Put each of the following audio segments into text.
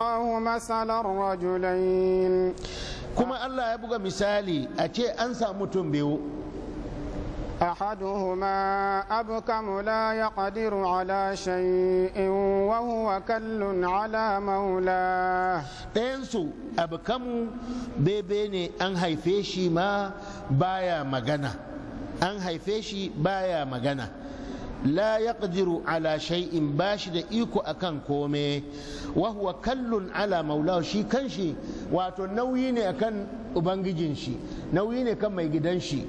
Allahu masalar rajulain kuma Allah ya buga misali a ce an samu mutum biyu أحدهما أبكم لا يقدر على شيء وهو كل على مولاه ɗayansu abkamu bebe ne an haife shi ma baya magana an haife shi baya magana la yaqdiru ala shay'in bashi da iko akan kome wa huwa kallun ala maula shi kanshi wato nauyi ne akan ubangijin shi nauyi ne kan mai gidan shi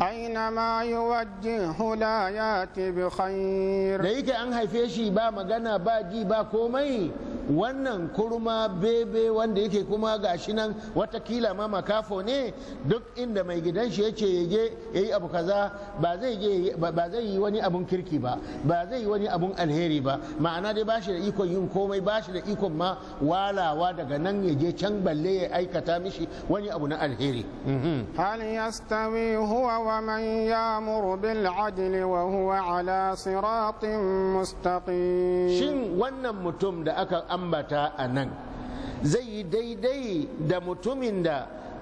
ya يوجه لا da yake an haife shi ba magana ba ji ba komai. wannan kurma bebe wanda yake kuma gashi nan watakila ma makafo ne duk inda mai gidan shi yace ya yayi abu kaza ba zai ba zai yi wani abun kirki ba ba zai yi wani abun alheri ba ma'ana dai bashi da ikon yin komai bashi da ikon ma walawa daga nan ya je can balle ya aikata mishi wani abu na alheri mhm. hal yastawi huwa wa man ya'muru bil adli wa huwa ala siratin mustaqim shin wannan mutum da aka ambata a nan zai yi daidai da mutumin da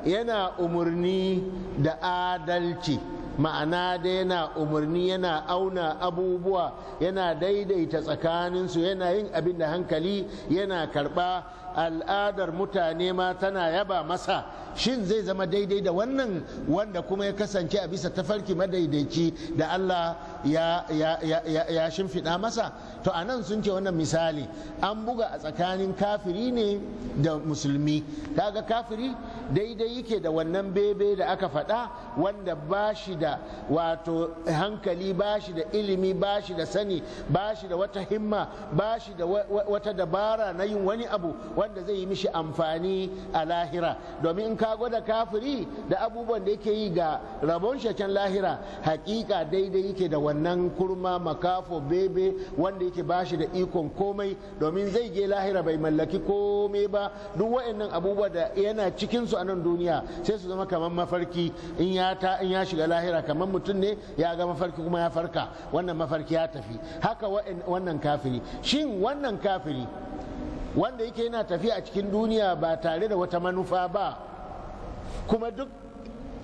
yana umarni da adalci ma'ana da yana umarni yana auna abubuwa yana daidaita tsakaninsu yana yin abin da hankali yana karba al'adar mutane ma tana yaba masa shin zai zama daidai da wannan wanda kuma ya kasance a bisa tafarki madaidaici da Allah ya, ya, shimfiɗa masa to a nan sun ce wannan misali an buga a tsakanin kafiri ne da musulmi kaga kafiri daidai yake da wannan bebe da aka faɗa wanda ba shi da wato hankali ba shi da ilimi ba shi da sani ba shi da wata himma ba shi da wata dabara na yin wani abu wanda zai yi mishi amfani a lahira domin in ka gwada kafiri da abubuwan da yake yi ga rabon shaken lahira hakika daidai yake da wannan kurma makafo bebe wanda yake bashi da ikon komai domin zai je lahira bai mallaki komai ba duk wa'annan abubuwa da yana cikin su a nan duniya sai su zama kamar mafarki in ya ta in ya shiga lahira kamar mutum ne ya ga mafarki kuma ya farka wannan mafarki ya tafi haka wannan kafiri shin wannan kafiri wanda yake yana tafiya a cikin duniya ba tare da wata manufa ba kuma duk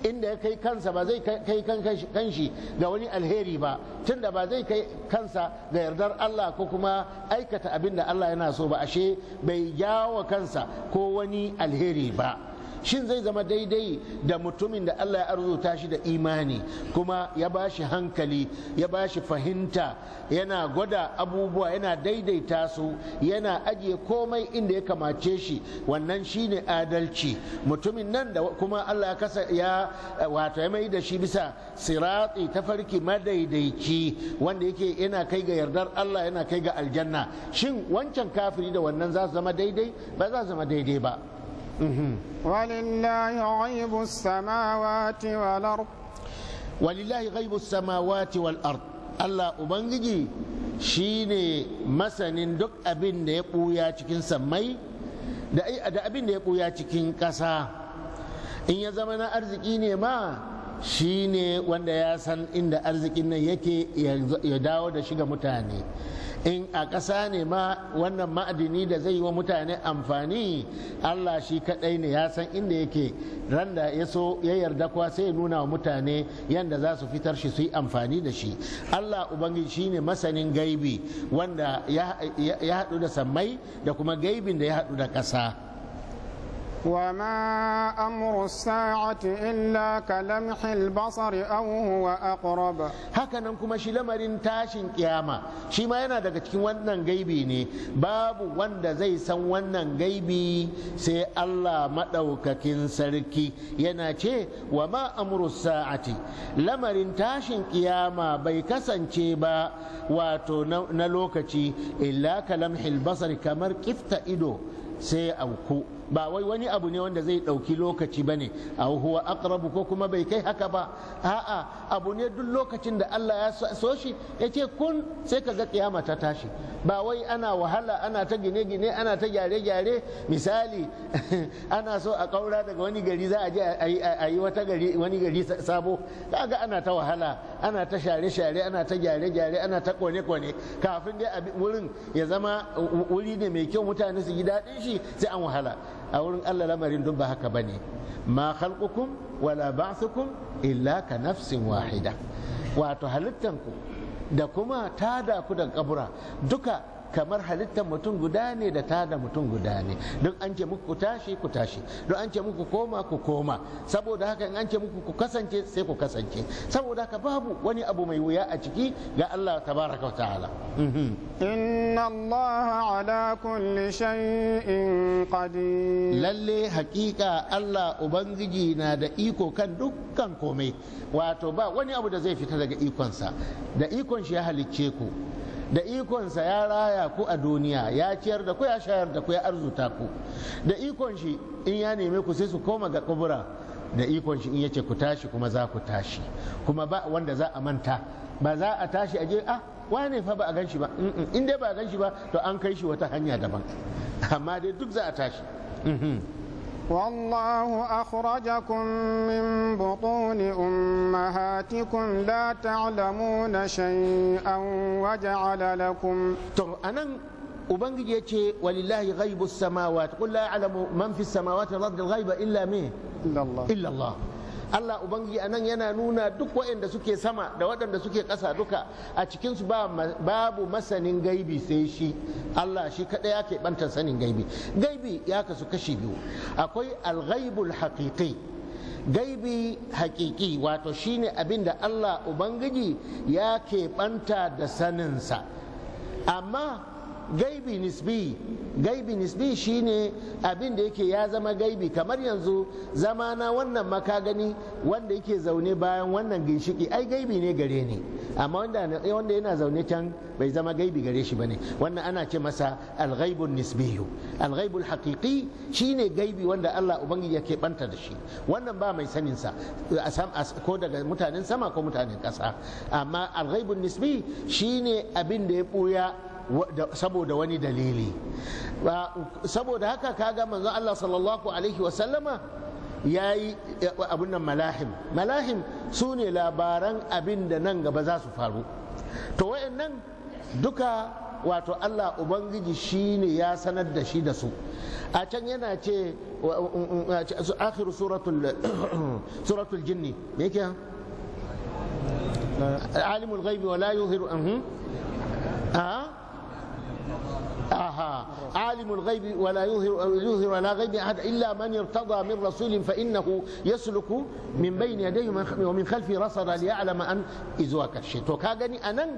inda ya kai kansa ba zai kai kanshi ga wani alheri ba tunda ba zai kai kansa ga yardar Allah ko kuma aikata abin da Allah yana so ba ashe bai jawo kansa ko wani alheri ba shin zai zama daidai da mutumin da Allah ya arzuta shi da imani kuma ya ba shi hankali ya ba shi fahimta yana gwada abubuwa yana daidaita su yana ajiye komai inda ya kamace shi wannan shi ne adalci mutumin nan da kuma Allah ya ya wato ya mai da shi bisa siratsi tafarki madaidaici wanda yake yana kai ga yardar Allah yana kai ga aljanna shin wancan kafiri da wannan za su zama daidai ba za su zama daidai ba ولله غيب السماوات والأرض ولله غيب samawati wal الله Allah ubangiji shine masanin duk abin da ya buya cikin sammai da abin da ya buya cikin ƙasa in ya zama na arziki ne ma shine wanda ya san inda arzikin nan yake ya dawo da shiga mutane in a ƙasa ne ma wannan ma'adini da zai yi wa mutane amfani Allah shi kaɗai ne ya san inda yake randa ya so ya yarda kuwa sai ya nuna wa mutane yadda za su fitar shi su yi amfani da shi Allah ubangiji shi ne masanin gaibi wanda ya haɗu da sammai da kuma gaibin da ya haɗu da ƙasa وما أمر الساعة إلا كلمح البصر أو هو أقرب هكذا كما شي لمرين تاشين قيامة شي ما ينا daga cikin wannan gaibi ne babu wanda zai san wannan gaibi sai Allah madaukakin sarki yana ce wa ma amru sa'ati lamarin tashin kiyama bai kasance ba wato na lokaci illa kalamhil basar kamar kifta ido sai auku ba wai wani abu ne wanda zai ɗauki lokaci ba ne a huwa aqrabu ko kuma bai kai haka ba a'a abu ne duk lokacin da Allah ya so shi ya ce kun sai ka ga kiyama ta tashi ba wai ana wahala ana ta gine-gine ana ta gyare-gyare misali ana so a kaura daga wani gari za a je a yi wata gari wani gari sabo kaga ana ta wahala ana ta share-share ana ta gyare-gyare ana ta kone-kone kafin dai a wurin ya zama wuri ne mai kyau mutane su ji daɗin shi sai an wahala a wurin Allah lamarin dun ba haka bane ma khalqukum wala ba'thukum illa ka nafsin wahida wato halittanku da kuma tada ku daga kabura duka kamar halittar mutum guda ne da ta da mutum guda ne don an ce muku ku tashi ku tashi don an ce muku koma ku koma saboda haka in an ce muku ku kasance sai ku kasance saboda haka babu wani abu mai wuya a ciki ga Allah tabaraka wa ta'ala mhm. inna Allah ala kulli shay'in qadir lalle hakika Allah ubangiji na da iko kan dukkan komai wato ba wani abu da zai fita daga ikonsa da ikon shi ya halicce ku da ikonsa ya raya ku a duniya ya ciyar da ku ya shayar da ku ya arzuta ku da ikon shi in ya neme ku sai su koma ga kubura da ikon shi in ce ku tashi kuma za ku tashi kuma ba wanda za a manta ba za a tashi a je ah wane fa ba a ganshi ba in dai ba a ganshi ba to an kai shi wata hanya daban amma dai duk za a tashi mm-hmm. والله أخرجكم من بطون أمهاتكم لا تعلمون شيئا وجعل لكم تر أنا أبنجي يتي ولله غيب السماوات قل لا أعلم من في السماوات والأرض الغيب إلا مين إلا الله إلا الله Allah Ubangiji anan yana nuna duk waɗanda suke sama da waɗanda suke ƙasa duka a cikinsu babu masanin gaibi sai shi Allah shi kaɗai ya keɓanta sanin gaibi gaibi ya kasu kashi biyu akwai alghaibul haƙiƙi gaibi haƙiƙi wato shine abin da Allah Ubangiji ya keɓanta da saninsa amma gaibi nisbi gaibi nisbi shine abin da yake ya zama gaibi kamar yanzu zama na wannan gani wanda yake zaune bayan wannan ginshiki ai gaibi ne gare ni amma wanda yana zaune can bai zama gaibi gare shi bane wannan ana ce masa alghaibun nisbiyu alghaibul haqiqi shine gaibi wanda Allah ubangiji yake banta da shi wannan ba mai sanin sa ko daga mutanen sama ko mutanen kasa amma alghaibun nisbi shine abin da ya buya saboda wani dalili saboda haka kaga manzon Allah sallallahu alaihi sallama, ya yi abin nan malahim malahim su ne labaran abin da nan gaba za su faru to nan duka wato Allah Ubangiji shi ne ya sanar da shi da su a can yana ce um, um, um, akhiru suratul jinni me yake alimul ghaibi wa la yuhiru mhm. a ah? عالم الغيب ولا يظهر يظهر على غيب احد الا من ارتضى من رسول فانه يسلك من بين يديه ومن خلفه رصدا ليعلم ان izuwa karshe to ka gani anan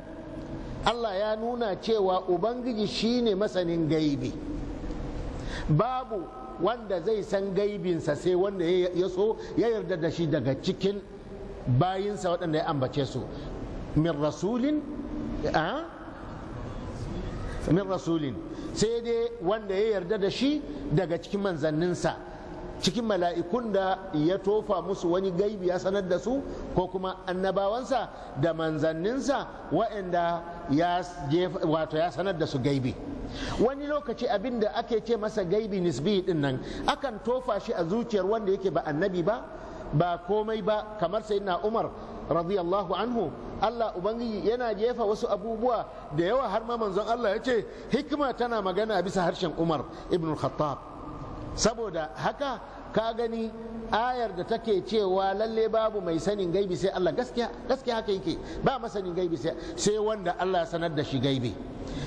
Allah ya nuna cewa ubangiji shine masanin gaibi babu wanda zai san gaibinsa sai wanda ya so ya yarda da shi daga cikin bayinsa waɗanda ya ambace su min rasulin a min rasulin sai dai wanda ya yarda da shi daga cikin manzanninsa cikin mala'ikun da ya tofa musu wani gaibi ya sanar da su ko kuma annabawansa da manzanninsa wa'anda ya wato ya sanar da su gaibi wani lokaci abinda ake ce masa gaibi nisbi din nan akan tofa shi a zuciyar wanda yake ba annabi ba ba komai ba kamar sai na umar radiyallahu anhu Allah ubangiji yana jefa wasu abubuwa da yawa har ma manzon Allah ya ce hikima tana magana bisa harshen Umar ibn Khattab saboda haka ka gani ayar da take cewa lalle babu mai sanin gaibi sai Allah gaskiya gaskiya haka yake ba masanin gaibi sai sai wanda Allah ya sanar da shi gaibi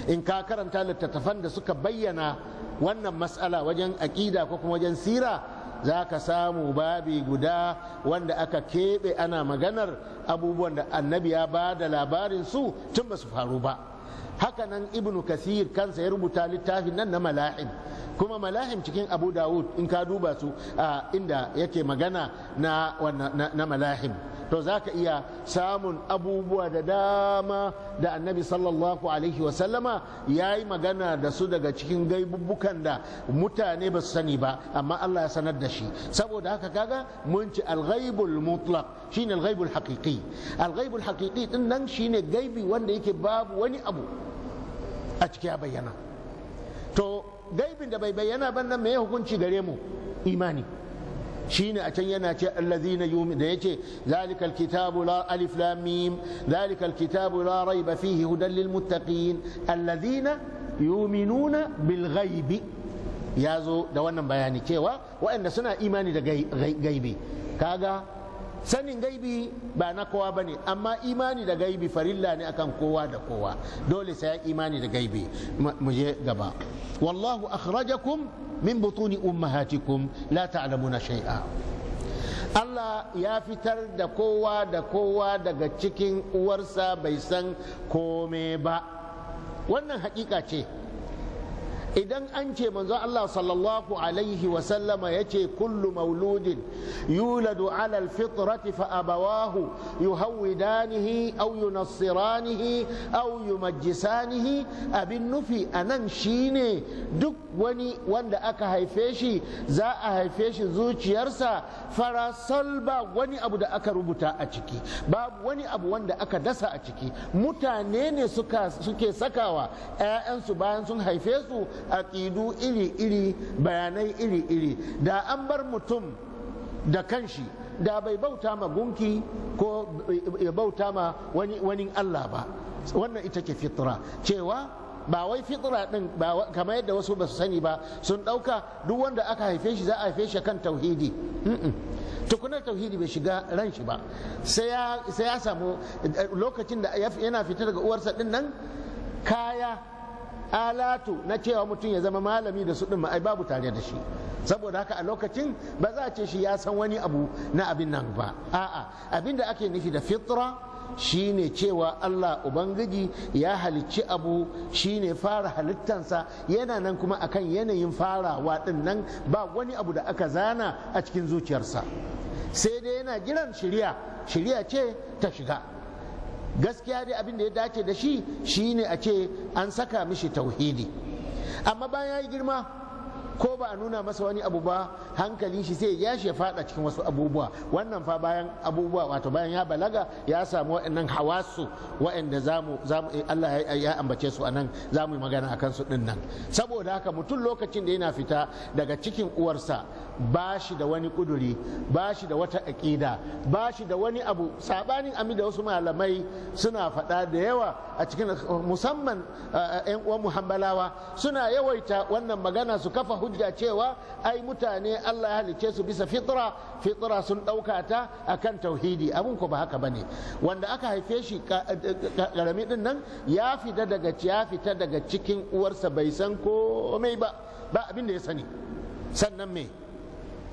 in ka karanta littattafan da suka bayyana wannan matsala wajen aƙida ko kuma wajen sira za ka samu babi guda wanda aka keɓe ana maganar abubuwan da annabi ya ba da labarin su tun ba su faru ba Haka nan, ibnu kasir kansa ya rubuta littafin nan na mala'im kuma mala'im cikin abu dawud in ka duba su inda yake magana na, na, na to za ka iya samun abubuwa da dama da annabi sallallahu alaihi wasallama ya yi magana da su daga cikin gaibubukan da mutane ba su sani ba amma Allah ya sanar da shi saboda haka kaga mun ci alghaibul mutlaq shine alghaibul haqiqi alghaibul haqiqi din nan shine gaibi wanda yake babu wani abu a ciki ya bayyana to gaibin da bai bayyana ban nan me hukunci gare mu imani shine a can yana ce allazina yumin da yace zalikal kitabu la alif lam mim zalikal kitabu la raiba fihi hudan lil muttaqin allazina yuminuna bil ghaibi ya zo da wannan bayani cewa waɗanda suna imani da gaibi kaga sanin gaibi ba na kowa ba ne amma imani da gaibi farilla ne akan kowa da kowa dole sai imani da gaibi mu je gaba wallahu akhrajakum min butuni ummahatikum la ta'lamuna shay'a Allah ya fitar da kowa da kowa daga cikin uwarsa bai san kome ba wannan hakika ce idan an ce manzo Allah sallallahu alaihi wasallama ya ce kullu mauludin yuladu ala alfitrati fa abawahu yuhawwidanihi aw yunassiranihi aw yumajjisanihi abin nufi anan shine duk wani wanda aka haife shi za a haife shi zuciyarsa farasal ba wani abu da aka rubuta a ciki babu wani abu wanda aka dasa a ciki mutane ne suke sakawa 'ya'yansu bayan sun haife su aƙidu iri-iri bayanai iri-iri da an bar mutum da kanshi da bai bauta ma gunki ko ya bauta ma wani Allah ba wannan ita ke fitra cewa ba wai fitra din kamar yadda wasu ba su sani ba sun ɗauka duk wanda aka haife shi za a haife shi kan tauhidi tukunar tauhidi bai shiga ran shi ba sai ya samu eh, lokacin da yana fita daga uwarsa din nan kaya alatu na cewa mutum ya zama malami da su ɗin ai babu tare da shi saboda haka a lokacin ba za a ce shi ya san wani abu na abin nan ba a'a abin da ake nufi da fitra shine cewa Allah Ubangiji ya halicci abu shine fara halittansa yana nan kuma akan yanayin farawa ɗin nan ba wani abu da aka zana a cikin zuciyarsa sai dai yana jiran shirya shirya ce ta shiga gaskiya dai abin da ya dace da shi shine a ce an saka mishi tauhidi amma bayan ya yi girma ko ba a nuna masa wani abu ba hankali shi sai ya shi ya fada cikin wasu abubuwa wannan fa bayan abubuwa wato bayan ya balaga ya samu waɗannan hawasu waɗanda zamu zamu eh, Allah ya ambace su anan zamu yi magana akan su ɗin nan saboda haka mutum lokacin da yana fita daga cikin uwarsa ba shi da wani kuduri ba shi da wata aƙida ba shi da wani abu sabanin ami da wasu malamai suna faɗa da yawa a cikin musamman 'yan eh, eh, uwan muhammalawa suna yawaita wannan magana su kafa hujja hujja cewa ai mutane Allah ya halicce su bisa fitra fitra sun ɗauka ta akan tauhidi abin ku ba haka bane wanda aka haife shi karami eh, eh, din nan ya fita daga ya fita daga cikin uwarsa bai san komai ba ba abin da ya sani sannan me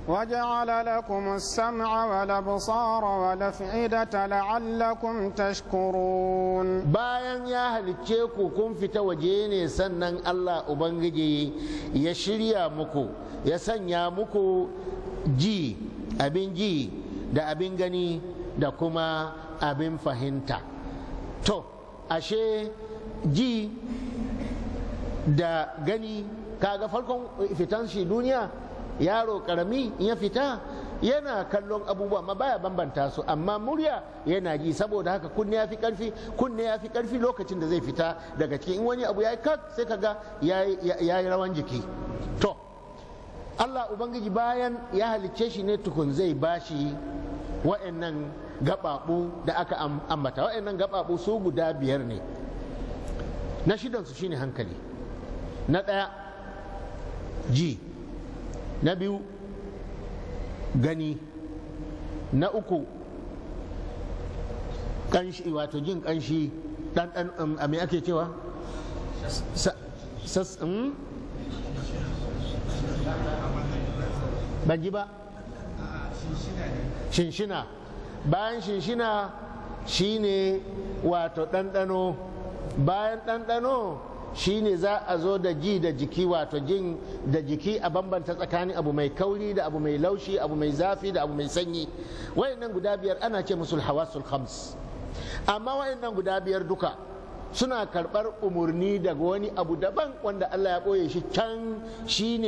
وجعل لكم السمع والابصار والافئده لعلكم تشكرون bayan ya halicce ku kun fita waje ne sannan Allah ubangiji ya shirya muku ya sanya muku ji abin ji da abin gani da kuma abin fahimta to ashe ji da gani ka ga farkon fitan shi duniya yaro karami ya fita yana kallon abubuwa ma baya bambanta su amma murya yana ji saboda haka kunne ya fi karfi kunne ya fi karfi lokacin da zai fita daga ciki in wani abu ya yi kak sai ka ga ya yi rawan jiki to Allah Ubangiji bayan ya halicce shi ne tukun zai bashi wa'annan gababu da aka ambata wa'annan gababu su guda biyar ne na shidansu shine hankali na ɗaya ji na biyu gani na uku ƙanshi wato jin ƙanshi ɗanɗan um, a me ake cewa hmm? ban ji ba shinshina bayan shinshina shine wato ɗanɗano bayan ɗanɗano shine za a zo da ji da jiki wato jin da jiki a bambanta tsakanin abu mai kauri da abu mai laushi abu mai zafi da abu mai sanyi wayannan guda biyar ana ce musul hawasul khams amma wayannan guda biyar duka suna karɓar umarni daga wani abu daban wanda Allah ya boye shi can shine